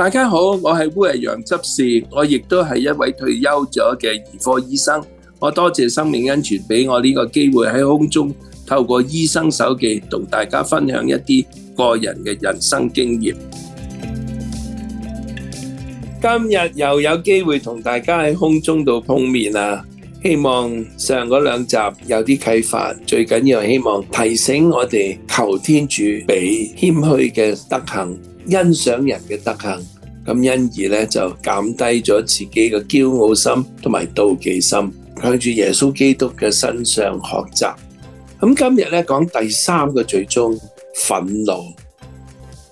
大家好，我係烏日陽執事，我亦都係一位退休咗嘅兒科醫生。我多謝生命恩泉俾我呢個機會喺空中透過醫生手記同大家分享一啲個人嘅人生經驗。今日又有機會同大家喺空中度碰面啊！希望上嗰兩集有啲啟發，最緊要希望提醒我哋求天主俾謙虛嘅德行，欣賞人嘅德行，咁因而咧就減低咗自己嘅驕傲心同埋妒忌心，向住耶穌基督嘅身上學習。咁今日咧講第三個罪宗憤怒，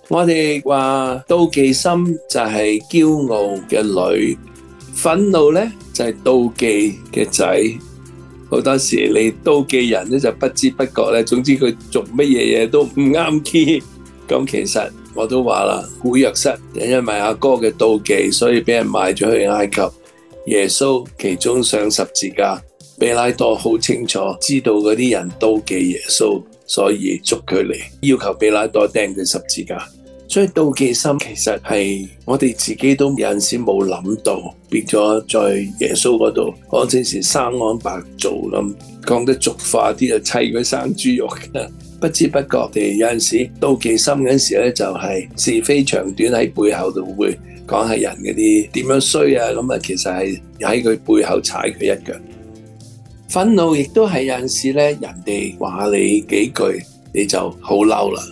我哋話妒忌心就係驕傲嘅女。憤怒呢，就係、是、妒忌嘅仔，好多時你妒忌人呢，就不知不覺呢，總之佢做乜嘢嘢都唔啱嘅。咁 其實我都話啦，古若瑟因為阿哥嘅妒忌，所以俾人賣咗去埃及。耶穌其中上十字架，比拉多好清楚知道嗰啲人妒忌耶穌，所以捉佢嚟，要求比拉多釘佢十字架。所以妒忌心其實係我哋自己都有陣時冇諗到，變咗在耶穌嗰度，我正是生安白做咁，講得俗化啲就砌佢生豬肉。 不知不覺地有陣時妒忌心嗰陣時咧，就係是，是非長短喺背後度會講下人嗰啲點樣衰啊咁啊，其實係喺佢背後踩佢一腳。憤怒亦都係有陣時咧，人哋話你幾句，你就好嬲啦。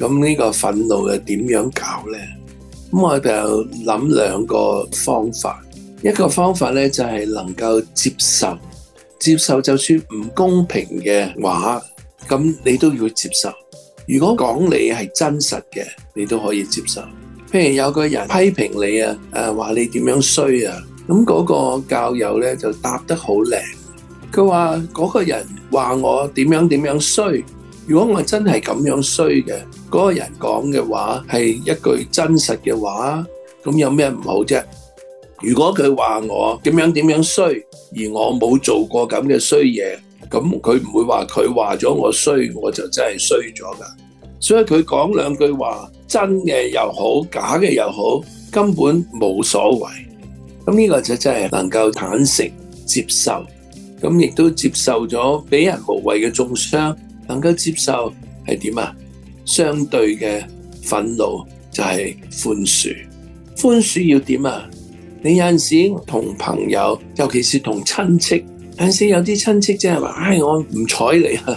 咁呢個憤怒又點樣搞呢？咁我哋就諗兩個方法。一個方法呢，就係、是、能夠接受，接受就算唔公平嘅話，咁你都要接受。如果講你係真實嘅，你都可以接受。譬如有個人批評你啊，誒話你點樣衰啊，咁嗰、啊、個教友呢，就答得好靚，佢話嗰個人話我點樣點樣衰。如果我真係咁樣衰嘅，嗰個人講嘅話係一句真實嘅話，咁有咩唔好啫？如果佢話我點樣點樣衰，而我冇做過咁嘅衰嘢，咁佢唔會話佢話咗我衰，我就真係衰咗噶。所以佢講兩句話，真嘅又好，假嘅又好，根本冇所謂。咁呢個就真係能夠坦誠接受，咁亦都接受咗俾人無謂嘅中傷。能夠接受係點啊？相對嘅憤怒就係寬恕。寬恕要點啊？你有陣時同朋友，尤其是同親戚，有陣時有啲親戚即係話，唉、哎，我唔睬你啊！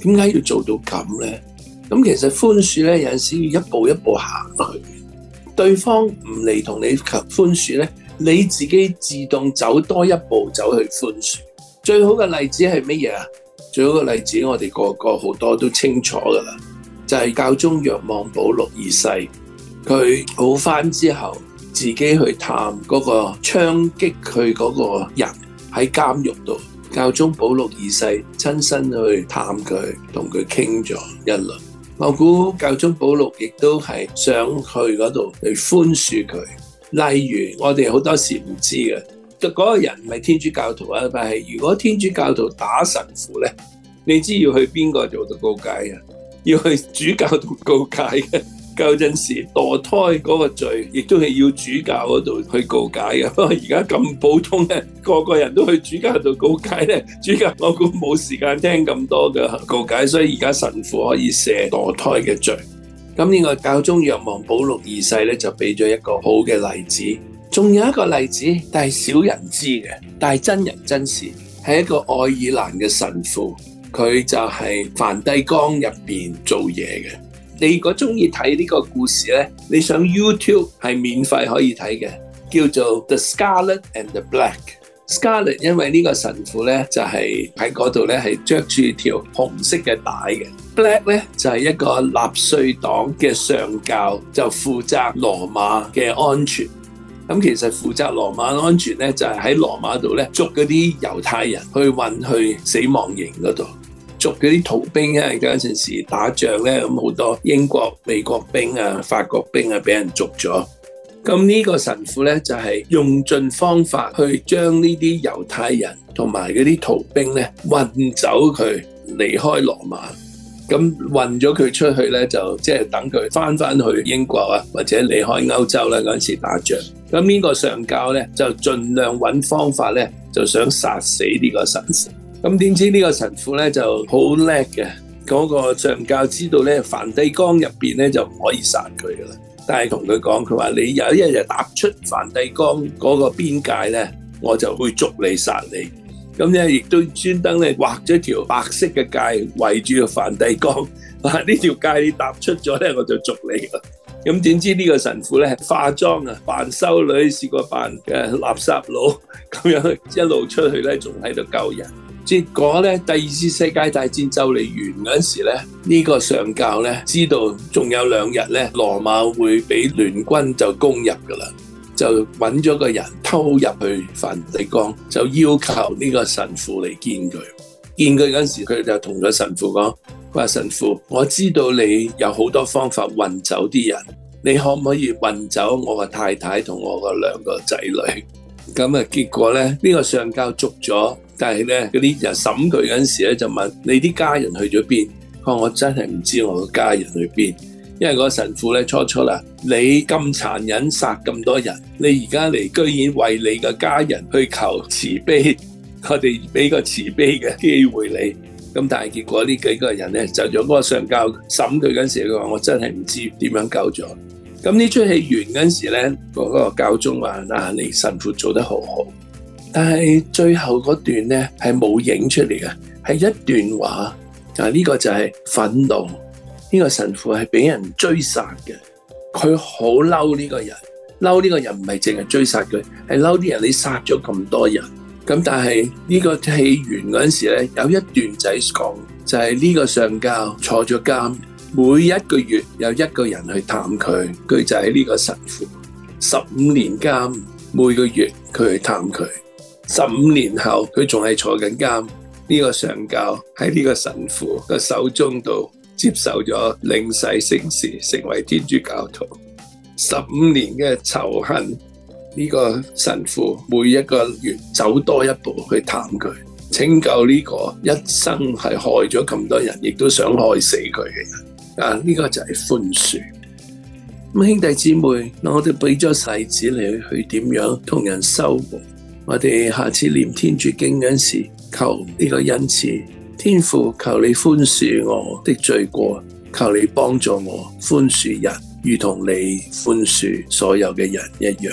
點解要做到咁咧？咁其實寬恕咧，有陣時要一步一步行落去。對方唔嚟同你求寬恕咧，你自己自動走多一步走去寬恕。最好嘅例子係乜嘢啊？做一個例子，我哋個個好多都清楚噶啦，就係、是、教宗若望保祿二世，佢好返之後，自己去探嗰個槍擊佢嗰個人喺監獄度，教宗保祿二世親身去探佢，同佢傾咗一輪。我估教宗保祿亦都係想去嗰度去寬恕佢。例如我哋好多時唔知嘅。嗰個人唔係天主教徒啊，但係如果天主教徒打神父咧，你知要去邊個做到告解啊？要去主教度告解嘅。舊陣時墮胎嗰個罪，亦都係要主教嗰度去告解嘅。不過而家咁普通嘅，個個人都去主教度告解咧。主教我估冇時間聽咁多嘅告解，所以而家神父可以赦墮胎嘅罪。咁呢個教宗若望保祿二世咧，就俾咗一個好嘅例子。仲有一個例子，但係少人知嘅，但係真人真事，係一個愛爾蘭嘅神父，佢就係梵蒂岡入面做嘢嘅。你如果中意睇呢個故事呢，你上 YouTube 係免費可以睇嘅，叫做《The Scarlet and the Black》。Scarlet 因為呢個神父呢，就係喺嗰度呢，係着住條紅色嘅帶嘅，Black 呢，就係、是、一個納粹黨嘅上教，就負責羅馬嘅安全。咁其實負責羅馬安全咧，就係喺羅馬度咧捉嗰啲猶太人去運去死亡營嗰度，捉嗰啲逃兵咧，嗰陣時打仗咧，咁好多英國、美國兵啊、法國兵啊被了，俾人捉咗。咁呢個神父咧，就係、是、用盡方法去將呢啲猶太人同埋嗰啲逃兵咧運走佢離開羅馬。咁運咗佢出去咧，就即係等佢返返去英國啊，或者離開歐洲啦、啊。嗰陣時打仗。咁呢個上教咧就盡量揾方法咧，就想殺死呢個神父。咁點知呢個神父咧就好叻嘅，嗰個上教知道咧，梵蒂岡入邊咧就唔可以殺佢噶啦。但係同佢講，佢話你有一日就踏出梵蒂岡嗰個邊界咧，我就會捉你殺你。咁咧亦都專登咧畫咗條白色嘅界圍住個梵蒂岡，啊，呢條界你踏出咗咧，我就捉你啦。咁、嗯、點知呢個神父咧化妝啊，扮修女，試過扮嘅垃圾佬咁樣一路出去咧，仲喺度救人。結果咧，第二次世界大戰就嚟完嗰陣時咧，呢、這個上教咧知道仲有兩日咧，羅馬會俾聯軍就攻入噶啦，就搵咗個人偷入去梵蒂岡，就要求呢個神父嚟見佢。見佢嗰陣時，佢就同咗神父講。神父，我知道你有好多方法運走啲人，你可唔可以運走我個太太同我嘅兩個兩個仔女？咁啊，結果呢，呢、呢個上教捉咗，但係呢，嗰啲人審佢嗰陣時咧就問，你啲家人去咗邊？佢話我真係唔知我個家人去邊，因為嗰神父咧初初啊，你咁殘忍殺咁多人，你而家嚟居然為你嘅家人去求慈悲，我哋俾個慈悲嘅機會你。咁但係結果呢幾個人咧，就用嗰個上教審佢嗰陣時佢話，我真係唔知點樣救咗。咁呢出戲完嗰陣時咧，嗰個教宗話：啊，你神父做得好好。但係最後嗰段咧係冇影出嚟嘅，係一段話。啊，呢個就係憤怒。呢個神父係俾人追殺嘅，佢好嬲呢個人，嬲呢個人唔係淨係追殺佢，係嬲啲人你殺咗咁多人。咁但係呢、這個戲完嗰陣時咧，有一段仔講，就係、是、呢個上教坐咗監，每一個月有一個人去探佢，佢就係呢個神父。十五年監，每個月佢去探佢。十五年後他還，佢仲係坐緊監。呢個上教喺呢個神父嘅手中度接受咗領洗聖事，成為天主教徒。十五年嘅仇恨。呢、這個神父每一個月走多一步去探佢，拯救呢、這個一生係害咗咁多人，亦都想害死佢嘅人。啊，呢、這個就係寬恕。咁、嗯、兄弟姊妹，我哋俾咗細子你去點樣同人修補？我哋下次念天主經嗰時，求呢個恩賜，天父，求你寬恕我的罪過，求你幫助我寬恕人，如同你寬恕所有嘅人一樣。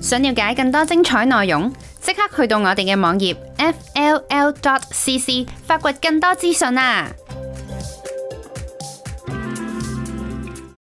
想了解更多精彩內容，即刻去到我哋嘅網頁 f l l dot c c 發掘更多資訊啊！